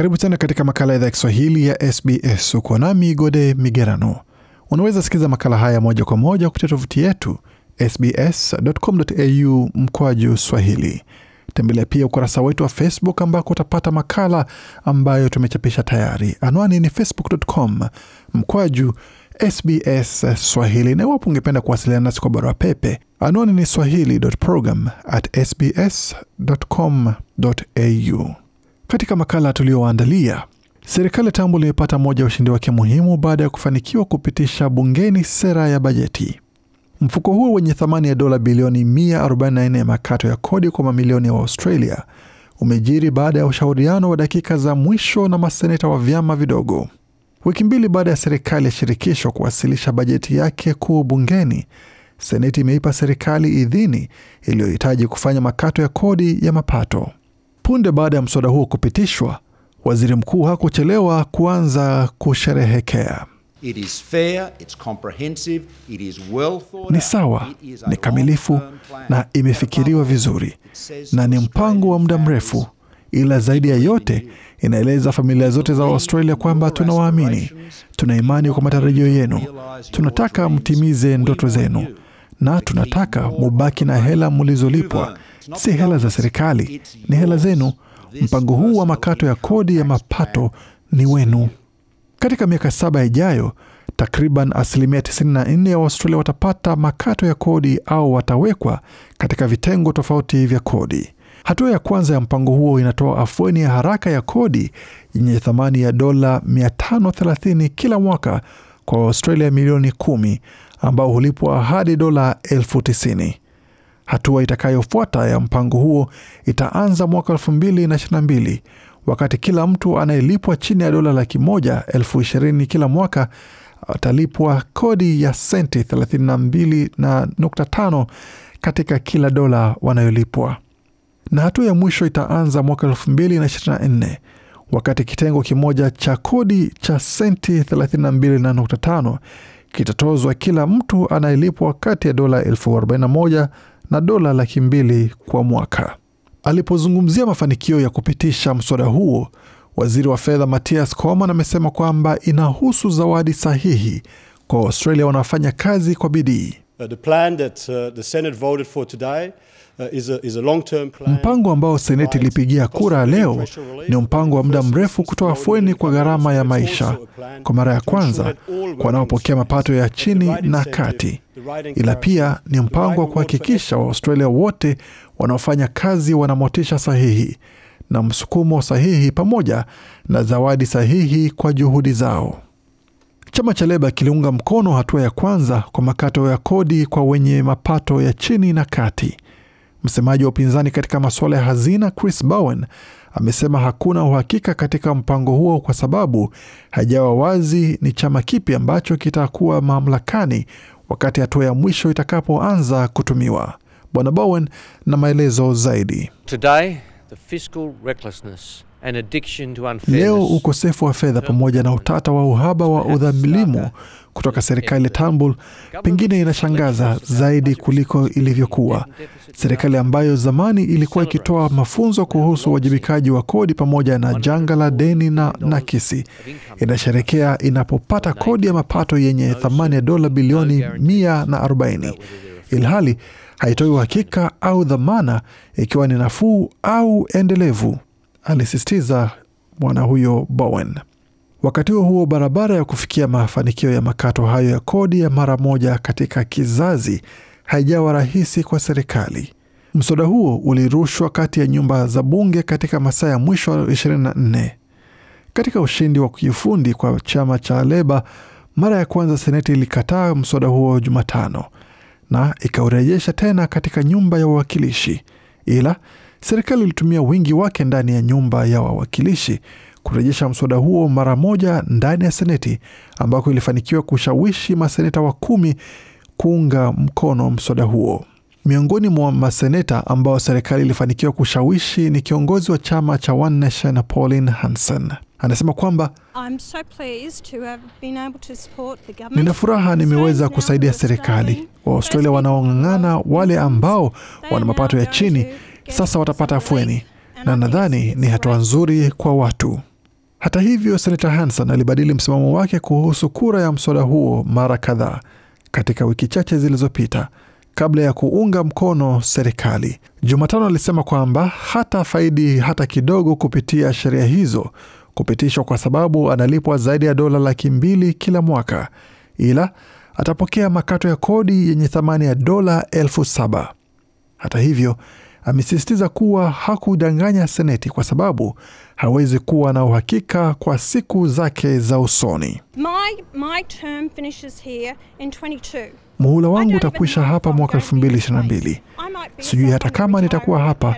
Karibu tena katika makala idhaa ya Kiswahili ya SBS. Uko nami Gode Migerano. Unaweza sikiza makala haya moja kwa moja kupitia tovuti yetu sbs.com.au mkwaju swahili. Tembelea pia ukurasa wetu wa Facebook ambako utapata makala ambayo tumechapisha tayari. Anwani ni facebook.com mkwaju SBS Swahili. Na iwapo ungependa kuwasiliana nasi kwa barua pepe, anwani ni swahili.program@sbs.com.au. Katika makala tuliyoandalia, serikali tambo limepata moja ya ushindi wake muhimu baada ya kufanikiwa kupitisha bungeni sera ya bajeti. Mfuko huo wenye thamani ya dola bilioni 144 ya makato ya kodi kwa mamilioni ya wa umejiri baada ya ushauriano wa dakika za mwisho na maseneta wa vyama vidogo. Wiki mbili baada ya serikali ya shirikisho kuwasilisha bajeti yake kuu bungeni, seneti imeipa serikali idhini iliyohitaji kufanya makato ya kodi ya mapato. Punde baada ya mswada huo kupitishwa, waziri mkuu hakuchelewa kuanza kusherehekea. It is fair, it's comprehensive, it is well thought, ni sawa, ni kamilifu na imefikiriwa vizuri na ni mpango wa muda mrefu, ila zaidi ya yote inaeleza familia zote za Australia kwamba tunawaamini, tuna imani kwa matarajio yenu, tunataka mtimize ndoto zenu na tunataka mubaki na hela mlizolipwa si hela za serikali, ni hela zenu. Mpango huu wa makato ya kodi ya mapato ni wenu. Katika miaka saba ijayo, takriban asilimia 94 ya Waustralia watapata makato ya kodi au watawekwa katika vitengo tofauti vya kodi. Hatua ya kwanza ya mpango huo inatoa afueni ya haraka ya kodi yenye thamani ya dola 530 kila mwaka kwa Waustralia milioni 10 ambao hulipwa hadi dola elfu tisini. Hatua itakayofuata ya mpango huo itaanza mwaka mbili wakati kila mtu anayelipwa chini ya dola laki moja elfu ishirini kila mwaka atalipwa kodi ya senti 32.5 katika kila dola wanayolipwa. Na hatua ya mwisho itaanza mwaka nne wakati kitengo kimoja cha kodi cha senti 32.5 kitatozwa kila mtu anayelipwa kati ya dola elfu 41 na dola laki mbili kwa mwaka. Alipozungumzia mafanikio ya kupitisha mswada huo, waziri wa fedha Matias coman amesema kwamba inahusu zawadi sahihi kwa australia wanaofanya kazi kwa bidii. Mpango ambao seneti ilipigia kura leo ni mpango wa muda mrefu kutoa afueni kwa gharama ya maisha kwa mara ya kwanza kwa wanaopokea mapato ya chini na kati ila pia ni mpango wa kuhakikisha Waaustralia wote wanaofanya kazi wana motisha sahihi na msukumo sahihi pamoja na zawadi sahihi kwa juhudi zao. Chama cha Leba kiliunga mkono hatua ya kwanza kwa makato ya kodi kwa wenye mapato ya chini na kati. Msemaji wa upinzani katika masuala ya hazina Chris Bowen amesema hakuna uhakika katika mpango huo kwa sababu hajawa wazi ni chama kipi ambacho kitakuwa mamlakani wakati hatua ya mwisho itakapoanza kutumiwa. Bwana Bowen na maelezo zaidi. Today, the fiscal recklessness Leo ukosefu wa fedha pamoja na utata wa uhaba wa udhamilimu kutoka serikali ya Tambul pengine inashangaza zaidi kuliko ilivyokuwa. Serikali ambayo zamani ilikuwa ikitoa mafunzo kuhusu uwajibikaji wa kodi pamoja na janga la deni na nakisi, inasherekea inapopata kodi ya mapato yenye thamani ya dola bilioni 140 ilhali haitoi uhakika au dhamana ikiwa ni nafuu au endelevu alisisitiza bwana huyo Bowen. Wakati huo huo, barabara ya kufikia mafanikio ya makato hayo ya kodi ya mara moja katika kizazi haijawa rahisi kwa serikali. Mswada huo ulirushwa kati ya nyumba za bunge katika masaa ya mwisho 24 katika ushindi wa kiufundi kwa chama cha Leba. Mara ya kwanza seneti ilikataa mswada huo Jumatano na ikaurejesha tena katika nyumba ya uwakilishi ila serikali ilitumia wingi wake ndani ya nyumba ya wawakilishi kurejesha mswada huo mara moja ndani ya Seneti, ambako ilifanikiwa kushawishi maseneta wa kumi kuunga mkono mswada huo. Miongoni mwa maseneta ambao serikali ilifanikiwa kushawishi ni kiongozi wa chama cha One Nation Pauline Hanson. Anasema kwamba so nina furaha nimeweza kusaidia serikali. Waaustralia wanaong'ang'ana, wale ambao wana mapato ya chini sasa watapata afueni, na nadhani ni hatua nzuri kwa watu. Hata hivyo, senata hanson alibadili msimamo wake kuhusu kura ya mswada huo mara kadhaa katika wiki chache zilizopita kabla ya kuunga mkono serikali. Jumatano alisema kwamba hata faidi hata kidogo kupitia sheria hizo kupitishwa kwa sababu analipwa zaidi ya dola laki mbili kila mwaka, ila atapokea makato ya kodi yenye thamani ya dola elfu saba. Hata hivyo amesisitiza kuwa hakudanganya Seneti kwa sababu hawezi kuwa na uhakika kwa siku zake za usoni. Muhula wangu utakwisha hapa mwaka 222 Sijui hata kama nitakuwa hapa,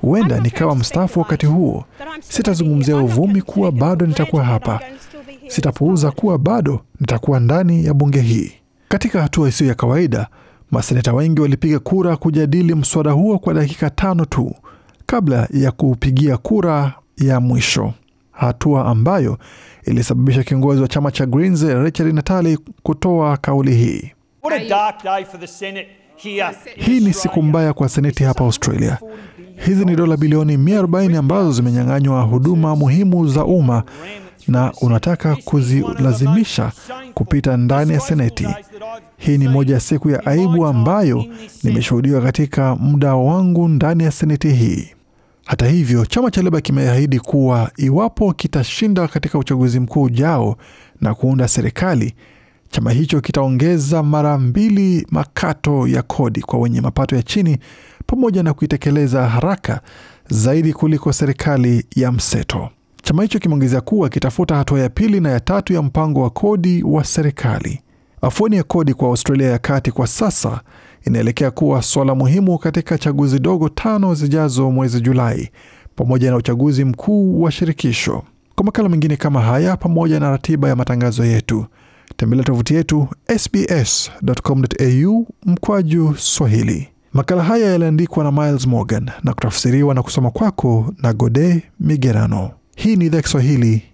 huenda nikawa mstaafu wakati huo. Sitazungumzia uvumi kuwa bado nitakuwa hapa, sitapuuza kuwa bado nitakuwa ndani ya bunge hii. Katika hatua isiyo ya kawaida Maseneta wengi walipiga kura kujadili mswada huo kwa dakika tano tu kabla ya kupigia kura ya mwisho, hatua ambayo ilisababisha kiongozi wa chama cha Greens Richard Natali kutoa kauli hii. Hii ni siku mbaya kwa seneti hapa Australia. Hizi ni dola bilioni 140 ambazo zimenyang'anywa huduma muhimu za umma na unataka kuzilazimisha kupita ndani ya seneti. Hii ni moja ya siku ya aibu ambayo nimeshuhudiwa katika muda wangu ndani ya seneti hii. Hata hivyo, chama cha Leba kimeahidi kuwa iwapo kitashinda katika uchaguzi mkuu ujao na kuunda serikali, chama hicho kitaongeza mara mbili makato ya kodi kwa wenye mapato ya chini pamoja na kuitekeleza haraka zaidi kuliko serikali ya mseto. Chama hicho kimeongezea kuwa kitafuta hatua ya pili na ya tatu ya mpango wa kodi wa serikali. Afueni ya kodi kwa Australia ya kati kwa sasa inaelekea kuwa swala muhimu katika chaguzi dogo tano zijazo mwezi Julai, pamoja na uchaguzi mkuu wa shirikisho. Kwa makala mengine kama haya, pamoja na ratiba ya matangazo yetu, tembelea tovuti yetu sbs.com.au mkwaju Swahili. Makala haya yaliandikwa na Miles Morgan na kutafsiriwa na kusoma kwako na Gode Migerano. Hii ni idhaa Kiswahili